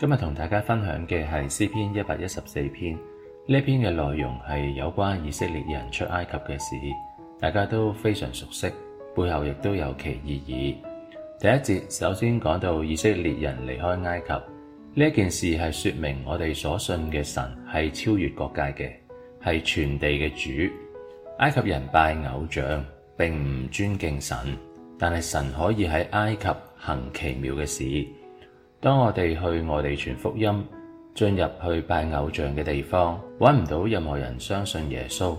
今日同大家分享嘅係詩篇一百一十四篇，呢篇嘅內容係有關以色列人出埃及嘅事，大家都非常熟悉，背後亦都有其意義。第一節首先講到以色列人離開埃及呢一件事，係說明我哋所信嘅神係超越國界嘅，係全地嘅主。埃及人拜偶像，並唔尊敬神，但係神可以喺埃及行奇妙嘅事。當我哋去外地傳福音，進入去拜偶像嘅地方，揾唔到任何人相信耶穌，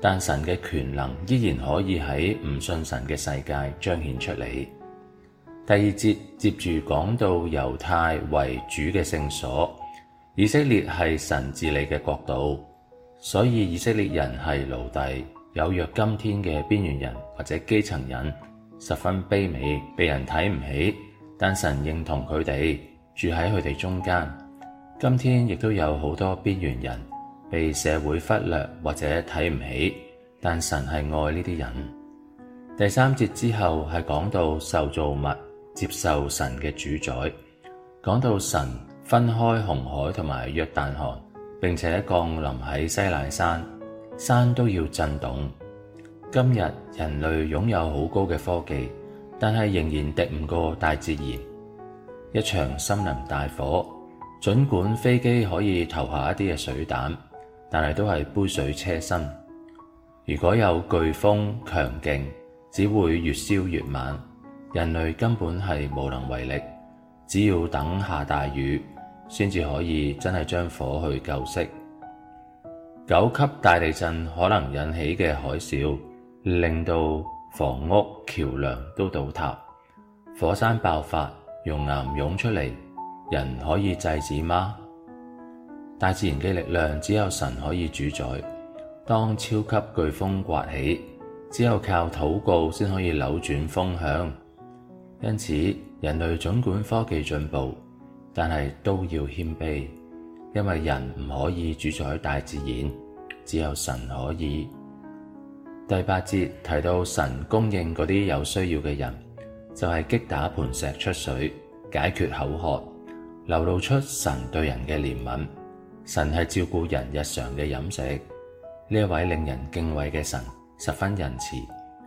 但神嘅權能依然可以喺唔信神嘅世界彰顯出嚟。第二節接住講到猶大為主嘅聖所，以色列係神治理嘅國度，所以以色列人係奴隸，有若今天嘅邊緣人或者基層人，十分卑微，被人睇唔起，但神認同佢哋。住喺佢哋中間，今天亦都有好多邊緣人被社會忽略或者睇唔起，但神係愛呢啲人。第三節之後係講到受造物接受神嘅主宰，講到神分開紅海同埋約旦河，並且降臨喺西奈山，山都要震動。今日人類擁有好高嘅科技，但係仍然敵唔過大自然。一場森林大火，儘管飛機可以投下一啲嘅水彈，但係都係杯水車薪。如果有颶風強勁，只會越燒越猛，人類根本係無能為力。只要等下大雨，先至可以真係將火去救熄。九級大地震可能引起嘅海嘯，令到房屋、橋梁都倒塌。火山爆發。熔岩湧出嚟，人可以制止嗎？大自然嘅力量只有神可以主宰。當超級颶風颳起，只有靠禱告先可以扭轉風向。因此，人類儘管科技進步，但係都要謙卑，因為人唔可以主宰大自然，只有神可以。第八節提到神供應嗰啲有需要嘅人。就係擊打磐石出水，解決口渴，流露出神對人嘅憐憫。神係照顧人日常嘅飲食。呢位令人敬畏嘅神，十分仁慈，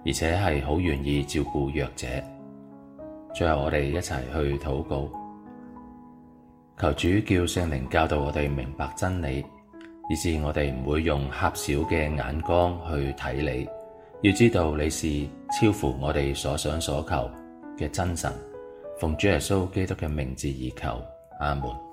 而且係好願意照顧弱者。最後我哋一齊去禱告，求主叫聖靈教導我哋明白真理，以致我哋唔會用狹小嘅眼光去睇你，要知道你是超乎我哋所想所求。嘅真神，奉主耶穌基督嘅名字而求，阿門。